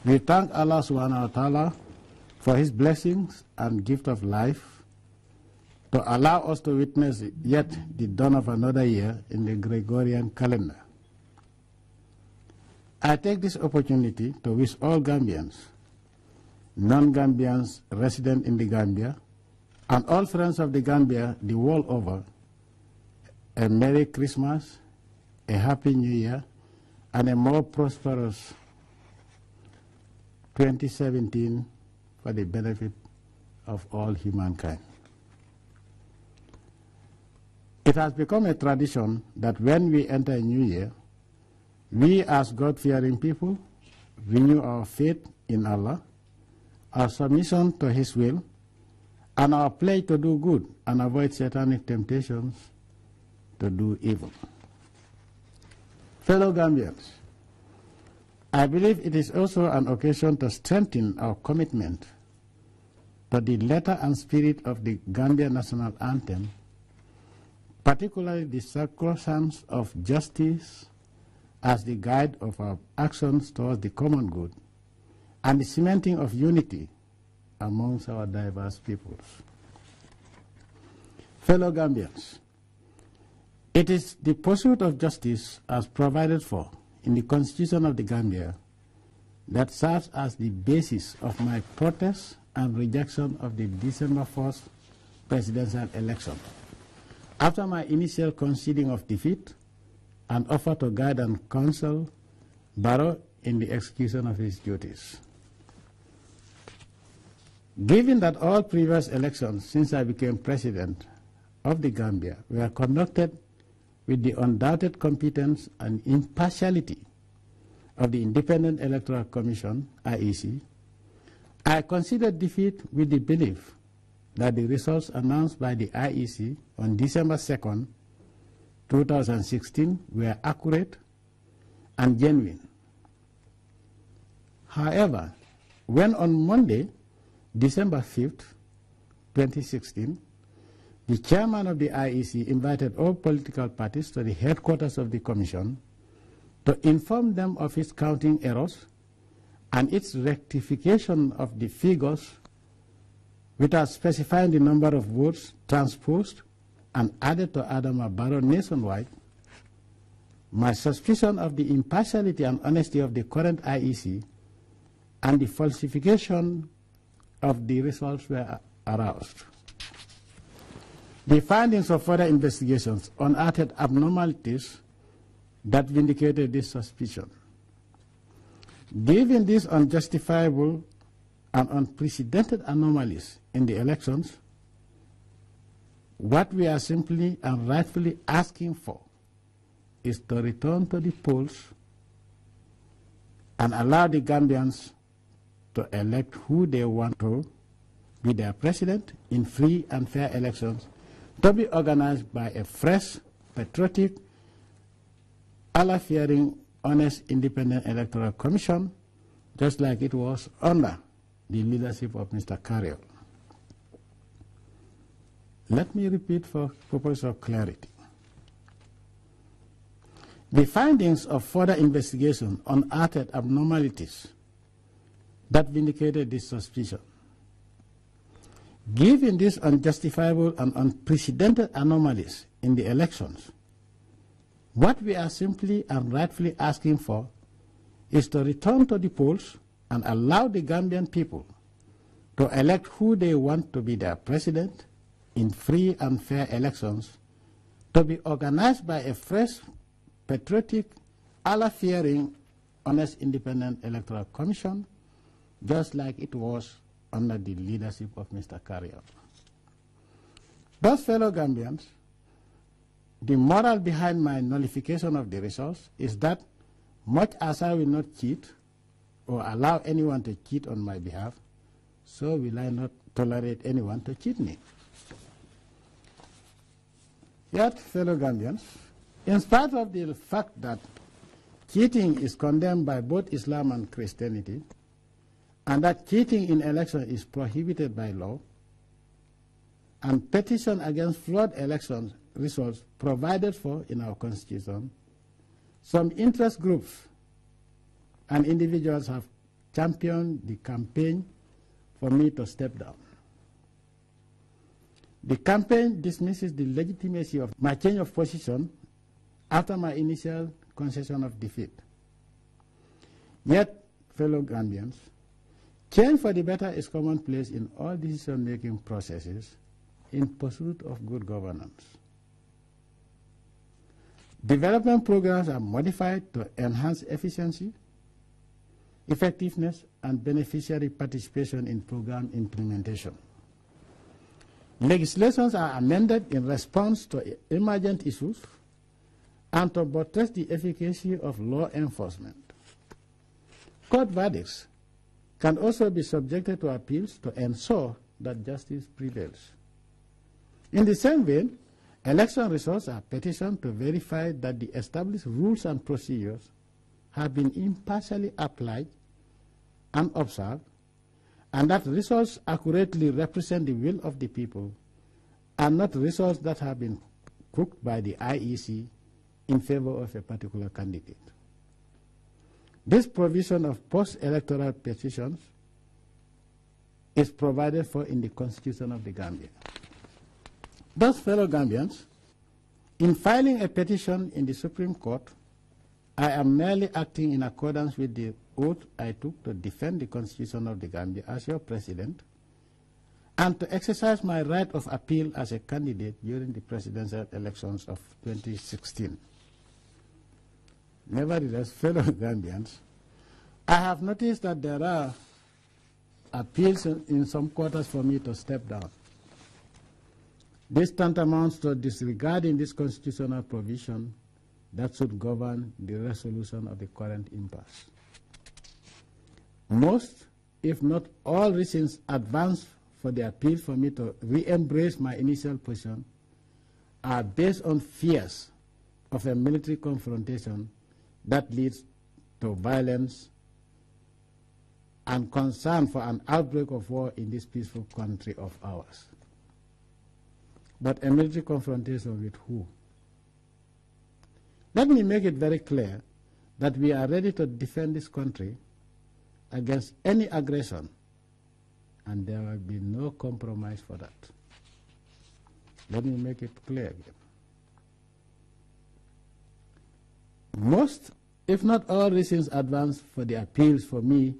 We thank Allah subhanahu wa ta'ala for his blessings and gift of life to allow us to witness yet the dawn of another year in the Gregorian calendar. I take this opportunity to wish all Gambians, non-Gambians resident in the Gambia, and all friends of the Gambia the world over, a Merry Christmas, a Happy New Year, and a more prosperous 2017 for the benefit of all humankind. It has become a tradition that when we enter a new year, we as God-fearing people renew our faith in Allah, our submission to His will, and our pledge to do good and avoid satanic temptations to do evil. Fellow Gambians, I believe it is also an occasion to strengthen our commitment to the letter and spirit of the Gambia National Anthem, particularly the sacrosanct of justice as the guide of our actions towards the common good and the cementing of unity amongst our diverse peoples. Fellow Gambians, it is the pursuit of justice as provided for in the Constitution of the Gambia that serves as the basis of my protest and rejection of the December 1st presidential election. After my initial conceding of defeat and offer to guide and counsel Barrow in the execution of his duties. Given that all previous elections since I became president of the Gambia were conducted with the undoubted competence and impartiality of the Independent Electoral Commission, IEC, I consider defeat with the belief that the results announced by the IEC on December 2nd, 2016 were accurate and genuine. However, when on Monday, December 5th, 2016, the chairman of the IEC invited all political parties to the headquarters of the commission to inform them of its counting errors and its rectification of the figures without specifying the number of votes transposed and added to Adam Barrow nationwide. My suspicion of the impartiality and honesty of the current IEC and the falsification of the results were aroused. The findings of further investigations unearthed abnormalities that vindicated this suspicion. Given these unjustifiable and unprecedented anomalies in the elections, what we are simply and rightfully asking for is to return to the polls and allow the Gambians to elect who they want to be their president in free and fair elections to be organized by a fresh, patriotic, Allah-fearing, honest, independent electoral commission, just like it was under the leadership of Mr. Carrier. Let me repeat for purpose of clarity. The findings of further investigation unearthed abnormalities that vindicated this suspicion Given these unjustifiable and unprecedented anomalies in the elections, what we are simply and rightfully asking for is to return to the polls and allow the Gambian people to elect who they want to be their president in free and fair elections to be organized by a fresh, patriotic, Allah-fearing, honest, independent electoral commission, just like it was under the leadership of Mr. Carrier. Thus, fellow Gambians, the moral behind my nullification of the results is that much as I will not cheat or allow anyone to cheat on my behalf, so will I not tolerate anyone to cheat me. Yet, fellow Gambians, in spite of the fact that cheating is condemned by both Islam and Christianity, and that cheating in election is prohibited by law, and petition against flawed election results provided for in our constitution, some interest groups and individuals have championed the campaign for me to step down. The campaign dismisses the legitimacy of my change of position after my initial concession of defeat. Yet, fellow Gambians, Change for the better is commonplace in all decision-making processes in pursuit of good governance. Development programs are modified to enhance efficiency, effectiveness, and beneficiary participation in program implementation. Legislations are amended in response to emergent issues and to buttress the efficacy of law enforcement. Court verdicts can also be subjected to appeals to ensure that justice prevails. In the same vein, election results are petitioned to verify that the established rules and procedures have been impartially applied and observed, and that results accurately represent the will of the people and not results that have been cooked by the IEC in favor of a particular candidate. This provision of post-electoral petitions is provided for in the Constitution of the Gambia. Thus, fellow Gambians, in filing a petition in the Supreme Court, I am merely acting in accordance with the oath I took to defend the Constitution of the Gambia as your president and to exercise my right of appeal as a candidate during the presidential elections of 2016. Nevertheless, fellow Gambians, I have noticed that there are appeals in some quarters for me to step down. This tantamounts to disregarding this constitutional provision that should govern the resolution of the current impasse. Most, if not all, reasons advanced for the appeal for me to re-embrace my initial position are based on fears of a military confrontation that leads to violence and concern for an outbreak of war in this peaceful country of ours. But a military confrontation with who? Let me make it very clear that we are ready to defend this country against any aggression, and there will be no compromise for that. Let me make it clear again. Most, if not all, reasons advanced for the appeals for me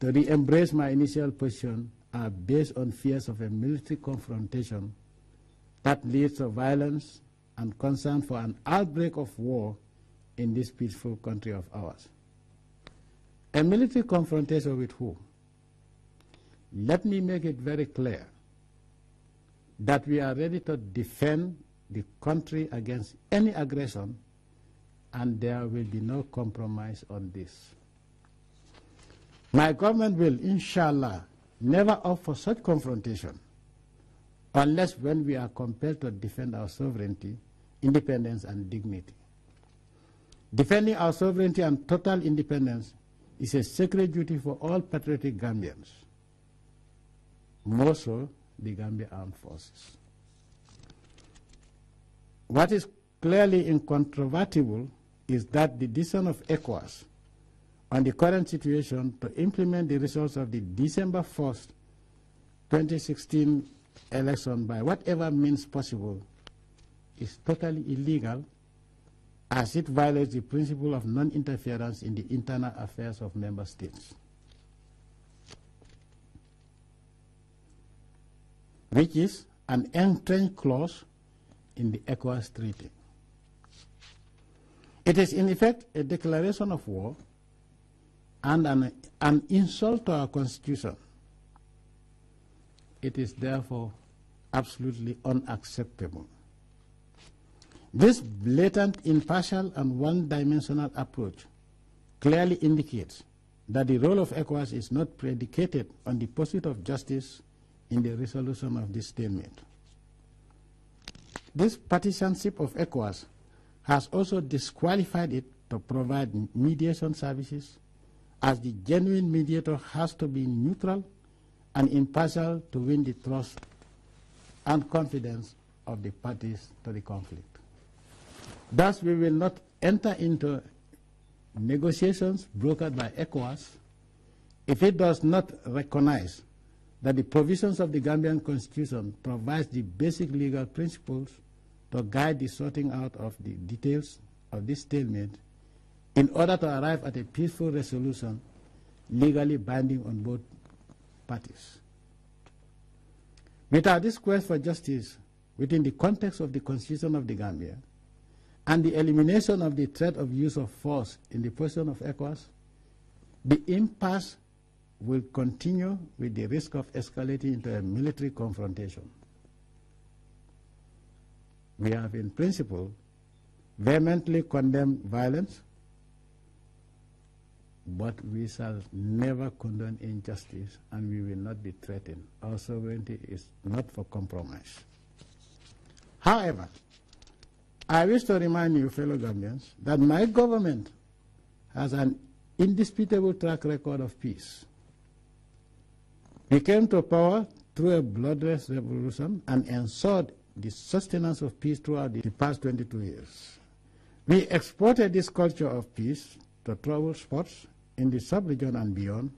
to re-embrace my initial position are based on fears of a military confrontation that leads to violence and concern for an outbreak of war in this peaceful country of ours. A military confrontation with who? Let me make it very clear that we are ready to defend the country against any aggression and there will be no compromise on this. My government will, inshallah, never offer such confrontation unless when we are compelled to defend our sovereignty, independence, and dignity. Defending our sovereignty and total independence is a sacred duty for all patriotic Gambians, more so the Gambia Armed Forces. What is clearly incontrovertible is that the decision of ECOWAS on the current situation to implement the results of the December 1st, 2016 election by whatever means possible is totally illegal as it violates the principle of non-interference in the internal affairs of member states. which is an entrenched clause in the ECOWAS treaty. It is in effect a declaration of war and an, an insult to our Constitution. It is therefore absolutely unacceptable. This blatant, impartial, and one-dimensional approach clearly indicates that the role of ECOWAS is not predicated on the pursuit of justice in the resolution of this stalemate. This partisanship of ECOWAS has also disqualified it to provide mediation services as the genuine mediator has to be neutral and impartial to win the trust and confidence of the parties to the conflict. Thus, we will not enter into negotiations brokered by ECOWAS if it does not recognize that the provisions of the Gambian Constitution provides the basic legal principles to guide the sorting out of the details of this stalemate in order to arrive at a peaceful resolution legally binding on both parties. Without this quest for justice within the context of the Constitution of the Gambia and the elimination of the threat of use of force in the person of ECOWAS, the impasse will continue with the risk of escalating into a military confrontation we have in principle vehemently condemned violence, but we shall never condone injustice and we will not be threatened. Our sovereignty is not for compromise. However, I wish to remind you, fellow Gambians, that my government has an indisputable track record of peace. We came to power through a bloodless revolution and ensured the sustenance of peace throughout the past 22 years. We exported this culture of peace to troubled spots in the sub-region and beyond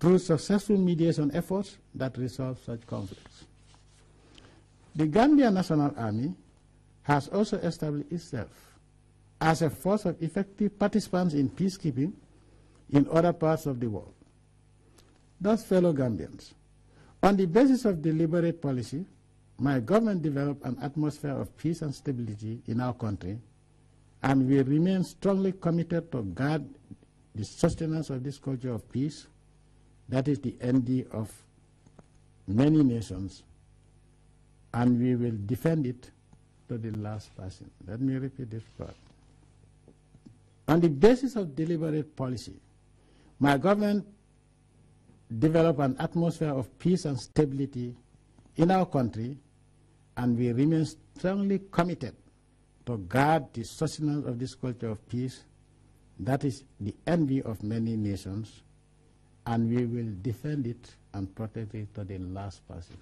through successful mediation efforts that resolve such conflicts. The Gambia National Army has also established itself as a force of effective participants in peacekeeping in other parts of the world. Thus, fellow Gambians, on the basis of deliberate policy, my government developed an atmosphere of peace and stability in our country, and we remain strongly committed to guard the sustenance of this culture of peace that is the end of many nations, and we will defend it to the last person. Let me repeat this part. On the basis of deliberate policy, my government developed an atmosphere of peace and stability in our country, and we remain strongly committed to guard the sustenance of this culture of peace that is the envy of many nations, and we will defend it and protect it to the last person.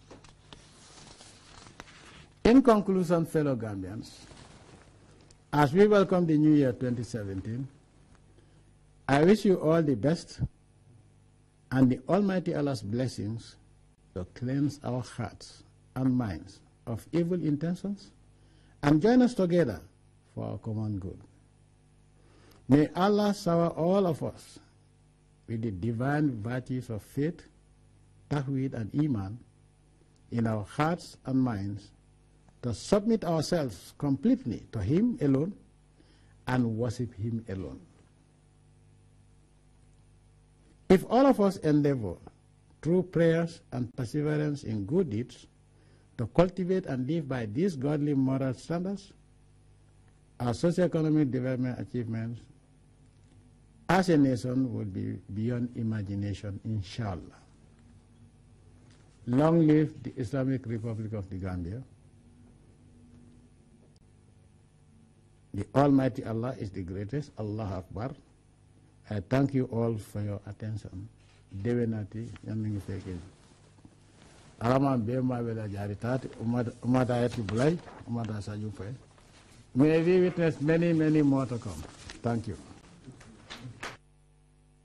In conclusion, fellow Gambians, as we welcome the new year 2017, I wish you all the best and the Almighty Allah's blessings to cleanse our hearts and minds of evil intentions and join us together for our common good. May Allah shower all of us with the divine virtues of faith, tawhid, and iman in our hearts and minds to submit ourselves completely to Him alone and worship Him alone. If all of us endeavor through prayers and perseverance in good deeds, to cultivate and live by these godly moral standards, our socio-economic development achievements as a nation would be beyond imagination, inshallah. Long live the Islamic Republic of the Gambia. The Almighty Allah is the greatest. Allah Akbar. I thank you all for your attention may we witness many many more to come thank you